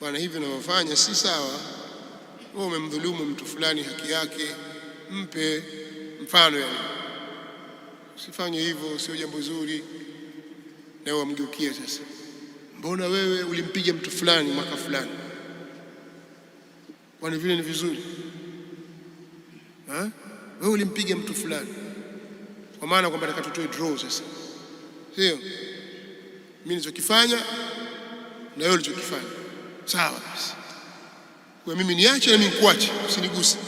bwana, hivi unavyofanya si sawa, wewe umemdhulumu mtu fulani haki yake, mpe mfano, yani usifanye hivyo, sio jambo zuri. Na wamgeukie sasa, mbona wewe ulimpiga mtu fulani mwaka fulani, kwani vile ni vizuri ha? Wewe ulimpiga mtu fulani kwa maana kwamba nataka tutoe draw sasa, sio mimi nilichokifanya na wewe ulichokifanya sawa, kwa mimi niache na mimi nikuache, usiniguse.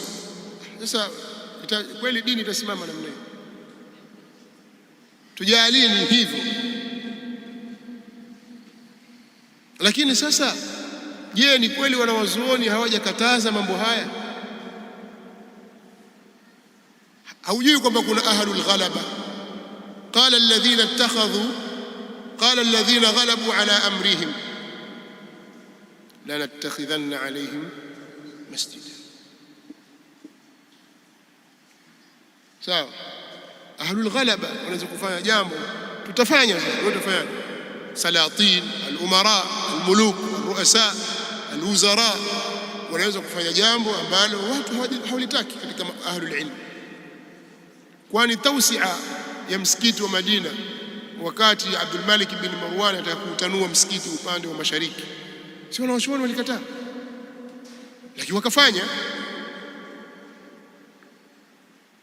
Sasa kweli dini itasimama namna hiyo? tujalini hivyo. Lakini sasa, je, ni kweli wanawazuoni hawajakataza mambo haya? Haujui kwamba kuna ahlul ghalaba, qala alladhina ittakhadhu, qala alladhina ghalabu ala amrihim lanatakhidhanna alaihim masjida. Sawa, ahlul ghalaba wanaweza kufanya jambo, tutafanya tutafanya salatin alumara almuluk alruasa alwuzara, wanaweza kufanya jambo ambalo watu hawalitaki katika ahlul ilm, kwani tausia ya msikiti wa Madina wakati Abdulmalik bin Marwan atakutanua msikiti upande wa mashariki si wanawachuoni walikataa, lakini wakafanya.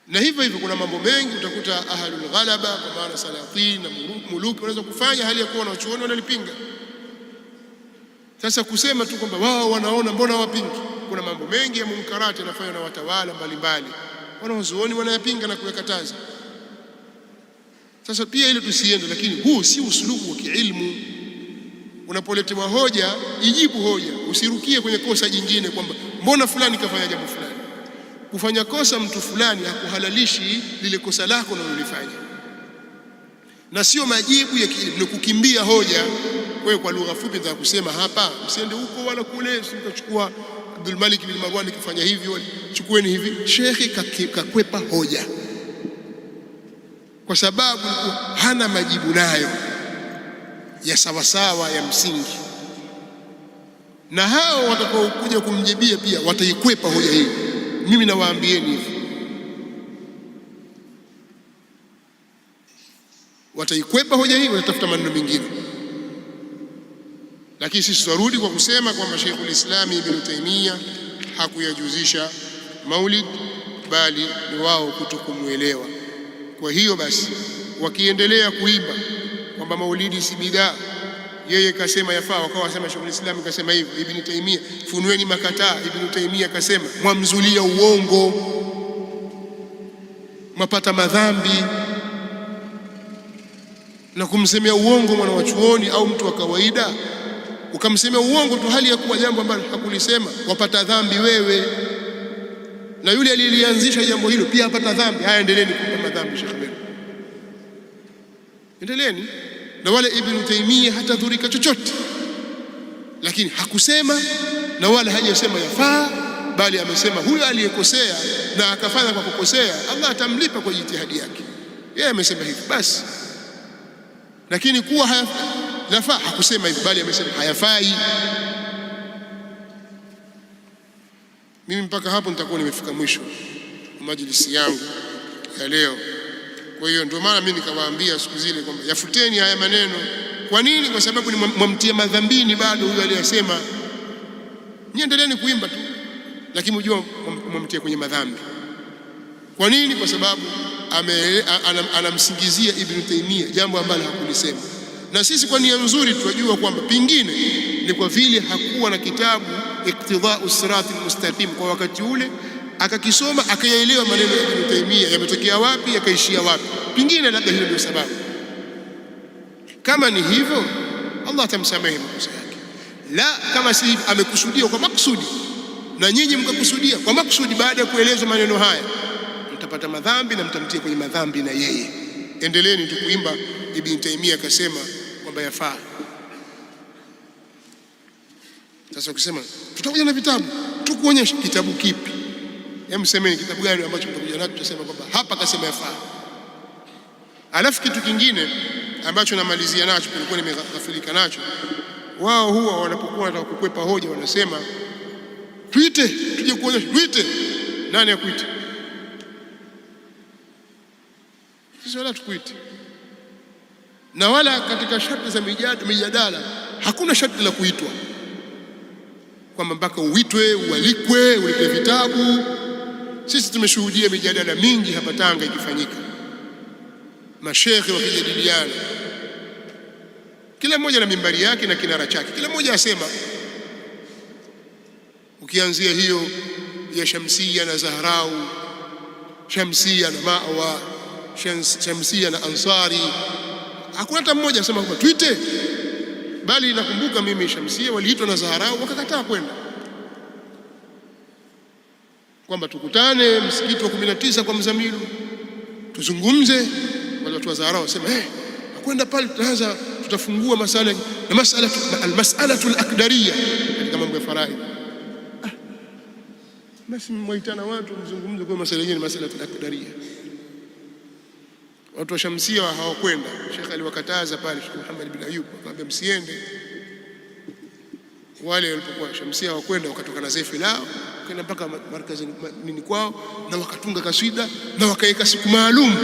Na hivyo hivyo, kuna mambo mengi utakuta ahlul ghalaba kwa maana salatin na muluki wanaweza kufanya hali ya kuwa wanawachuoni wanalipinga. Sasa kusema tu kwamba wao wanaona, mbona wapingi? Kuna mambo mengi ya munkarati yanafanywa na watawala mbalimbali, wanaozuoni wanayapinga na kuyakataza. Sasa pia ile tusiende, lakini huu si usulubu wa kiilmu unapoletewa hoja ijibu hoja, usirukie kwenye kosa jingine kwamba mbona fulani kafanya jambo fulani. Kufanya kosa mtu fulani hakuhalalishi lile kosa lako unalolifanya, na sio majibu ya kile kukimbia hoja. Wewe kwa lugha fupi za kusema hapa, usiende huko wala kule, mkachukua Abdul Malik bin Marwan kifanya hivi, chukueni hivi. Shekhe kakwepa hoja kwa sababu hana majibu nayo ya sawasawa ya msingi, na hao watakaokuja kumjibia pia wataikwepa hoja hii. Mimi nawaambieni hivi, wataikwepa hoja hii, watatafuta maneno mengine. Lakini sisi tutarudi kwa kusema kwamba Sheikhul Islam Ibn Taymiyyah hakuyajuzisha maulid, bali ni wao kumwelewa Kwa hiyo basi wakiendelea kuiba kwamba maulidi si bidaa, yeye kasema yafaa, wakawa wasema Sheikhul Islam kasema hivyo, Ibn Taymiyyah funueni makataa. Ibn Taymiyyah kasema mwamzulia uongo, mwapata madhambi na kumsemea uongo mwana wa chuoni au mtu wa kawaida, ukamsemea uongo tu hali ya kuwa jambo ambalo hakulisema, wapata dhambi wewe na yule alilianzisha jambo hilo pia apata dhambi. Haya, endeleeni kupata madhambi, Sheikh Beno, endeleeni na wala Ibn Taimia hatadhurika chochote, lakini hakusema na wala hajasema yafaa, bali amesema huyo aliyekosea na akafanya kwa kukosea, Allah atamlipa kwa jitihadi yake. Yeye amesema hivi basi, lakini kuwa yafaa hakusema hivi bali amesema hayafai. Mimi mpaka hapo nitakuwa nimefika mwisho wa majlisi yangu ya leo. Kwa hiyo ndio maana mimi nikawaambia siku zile kwamba yafuteni haya maneno. Kwa nini? Kwa sababu ni mwamtia madhambini bado huyo aliyosema. Niendeleeni kuimba tu, lakini mjua mwamtia kwenye madhambi. Kwa nini? Kwa sababu anamsingizia Ibnu Taimia jambo ambalo hakulisema. Na sisi kwa nia nzuri tunajua kwamba pengine ni kwa vile hakuwa na kitabu Iktidau Sirati mustaqim kwa wakati ule akakisoma akayaelewa maneno ya Ibn Taymiyyah yametokea wapi yakaishia wapi. Pengine labda hiyo ndio sababu. Kama ni hivyo, Allah atamsamehe makosa yake. La, kama si hivyo, amekusudia kwa maksudi na nyinyi mkakusudia kwa maksudi, baada ya kuelezwa maneno haya mtapata madhambi na mtamtia kwenye madhambi na yeye. Endeleeni tu kuimba. Ibn Taymiyyah akasema kwamba yafaa. Sasa ukisema tutakuja na vitabu, tukuonyesha kitabu kipi hem semeni kitabu gani ambacho mtakuja nacho tusema kwamba hapa kasema yafaa. Alafu kitu kingine ambacho namalizia nacho, kulikuwa nimeghafilika nacho, wao huwa wanapokuwa wanataka kukwepa hoja wanasema twite tuje kuonyesha, twite Nani akuite? Sisi wala tukuite, na wala katika sharti za mijadala hakuna sharti la kuitwa kwamba mpaka uitwe, ualikwe, ulipe vitabu sisi tumeshuhudia mijadala mingi hapa Tanga ikifanyika, mashekhe wakijadiliana, kila mmoja na mimbari yake na kinara chake, kila mmoja asema. Ukianzia hiyo ya Shamsia na Zahrau, Shamsia na Mawa, Shamsia na Ansari, hakuna hata mmoja asema kwamba tuite, bali nakumbuka mimi Shamsia waliitwa na Zahrau wakakataa kwenda kwamba tukutane msikiti wa kumi na tisa kwa Mzamilu tuzungumze. Wale watu wa Zahara wasema eh, nakwenda pale, tutaanza tutafungua masala na masala almasalatu alakdaria katika mambo ya faraidhi. Ah, basi mwaitana watu mzungumze kwa masala yenyewe, masala alakdaria. Watu wa Shamsia hawakwenda, Sheikh aliwakataza pale. Sheikh Muhammad bin Ayub akamwambia msiende wale walipokuwa Shamsia wakwenda wakatoka na zefi lao kwenda mpaka markazi nini kwao, na wakatunga kaswida na wakaweka siku maalum,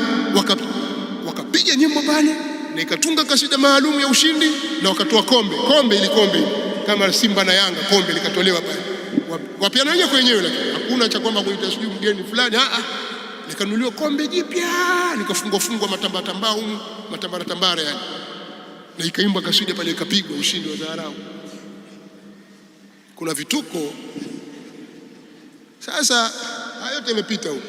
wakapiga nyimbo pale na ikatunga kaswida maalum ya ushindi, na wakatoa kombe. Kombe ili kombe kama Simba na Yanga, kombe likatolewa pale, wapiana wenyewe kwenyewe, lakini hakuna cha kwamba kuita sijui mgeni fulani a a, likanuliwa kombe jipya likafungwa fungwa matamba tambao tambara yani, na ikaimba kaswida pale, ikapigwa ushindi wa dharau kuna vituko sasa. Hayo yote yamepita huko,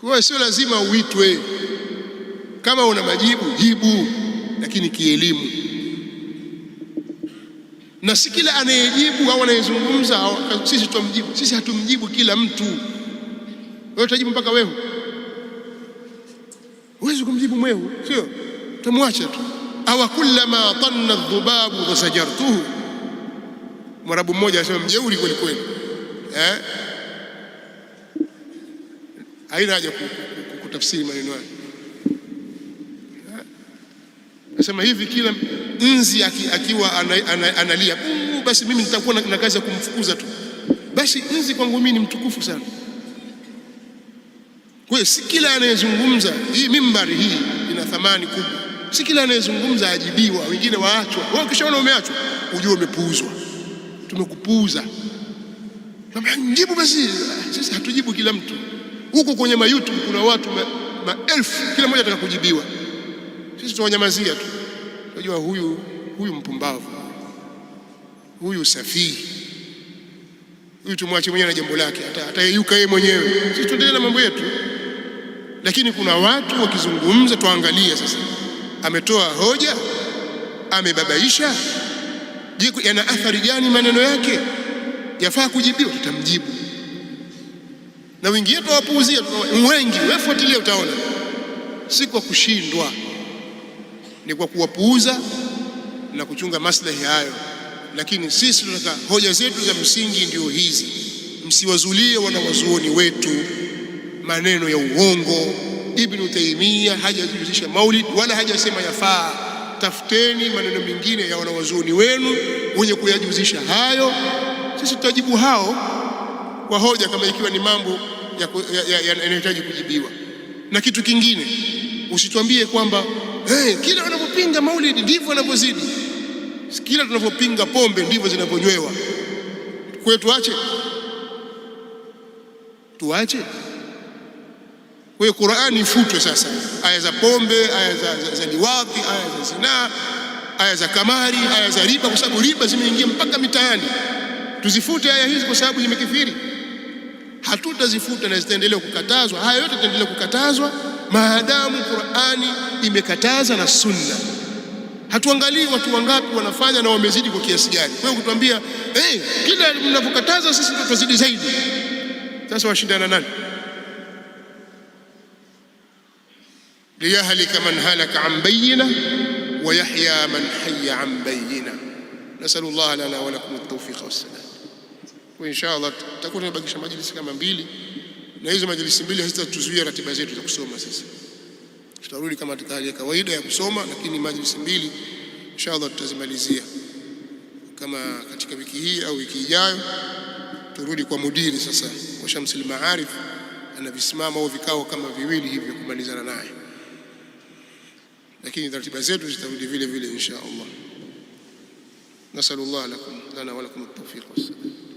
kwa sio lazima uitwe. Kama una majibu jibu, lakini kielimu, na si kila anayejibu au anayezungumza sisi tumjibu, Sisi hatumjibu kila mtu. Wewe utajibu mpaka wewe huwezi kumjibu mwehu, sio? Utamwacha tu. awa kullama tanna dhubabu fasajartuhu Mwarabu mmoja anasema mjeuri kweli kweli, eh, haina haja kutafsiri maneno yake. Eh? Anasema hivi, kila nzi akiwa analia basi mimi nitakuwa na kazi ya kumfukuza tu. Basi nzi kwangu mimi ni mtukufu sana. Kwa hiyo si kila anayezungumza, hii mimbari hii ina thamani kubwa. Si kila anayezungumza ajibiwa, wengine waachwa. Wewe ukishaona umeachwa, ujue umepuuzwa tumekupuuza. Jibu basi. Sisi hatujibu kila mtu. Huko kwenye ma YouTube kuna watu maelfu ma kila mmoja atakujibiwa. sisi Sisi tunawanyamazia tu, unajua huyu huyu mpumbavu, huyu safihi, huyu tumwache mwenyewe na jambo lake, atayeyuka yeye mwenyewe. Sisi tuendelee na mambo yetu, lakini kuna watu wakizungumza, tuangalie sasa, ametoa hoja, amebabaisha yana athari gani maneno yake? Yafaa kujibiwa? Tutamjibu na wengine wetu wengi wefuatilia, utaona si kwa kushindwa, ni kwa kuwapuuza na kuchunga maslahi hayo. Lakini sisi tunataka hoja zetu za msingi ndio hizi, msiwazulie wanawazuoni wetu maneno ya uongo. Ibnu Taimia hajazungumzisha maulid wala hajasema yafaa tafuteni maneno mengine ya wanawazuoni wenu wenye kuyajuzisha hayo. Sisi tutajibu hao kwa hoja, kama ikiwa ni mambo yanayohitaji kujibiwa. Na kitu kingine, usitwambie kwamba hey, kila wanapopinga maulidi ndivyo wanavyozidi, kila tunavyopinga pombe ndivyo zinavyonywewa. kwetu. hiyo tuache tuache kwa hiyo Qur'ani ifutwe sasa, aya za pombe, aya za liwadhi aya za zinaa, aya za kamari, aya za riba, kwa sababu riba zimeingia mpaka mitaani. Tuzifute aya hizi kwa sababu zimekifiri. Hatutazifuta na zitaendelea kukatazwa. Haya yote yataendelea kukatazwa maadamu Qur'ani imekataza na sunna. Hatuangalii watu wangapi wanafanya na wamezidi kwa kiasi gani. Kwa hiyo kutuambia hey, eh, kila mnavyokataza sisi tutazidi zaidi, sasa washindana nani? liyahlika man halaka an bayina wa yahya man hayya an bayina. Nasalu llah lana wa lakum tawfiqa wassalam. insha Allah tutakuwa tumebakisha majlisi kama mbili, na hizo majlisi mbili hazitatuzuia ratiba zetu za kusoma. Sasa tutarudi kama katika hali ya kawaida ya kusoma, lakini majlisi mbili insha Allah tutazimalizia kama katika wiki hii au wiki ijayo. Turudi kwa mudiri sasa wa Shamsul Maarif, ana visimamo au vikao kama viwili hivyo kumalizana naye. lakini taratiba zetu zitarudi vile vile insha Allah. Nasallallahu lakum lana wa lakum at-tawfiq was-sadad.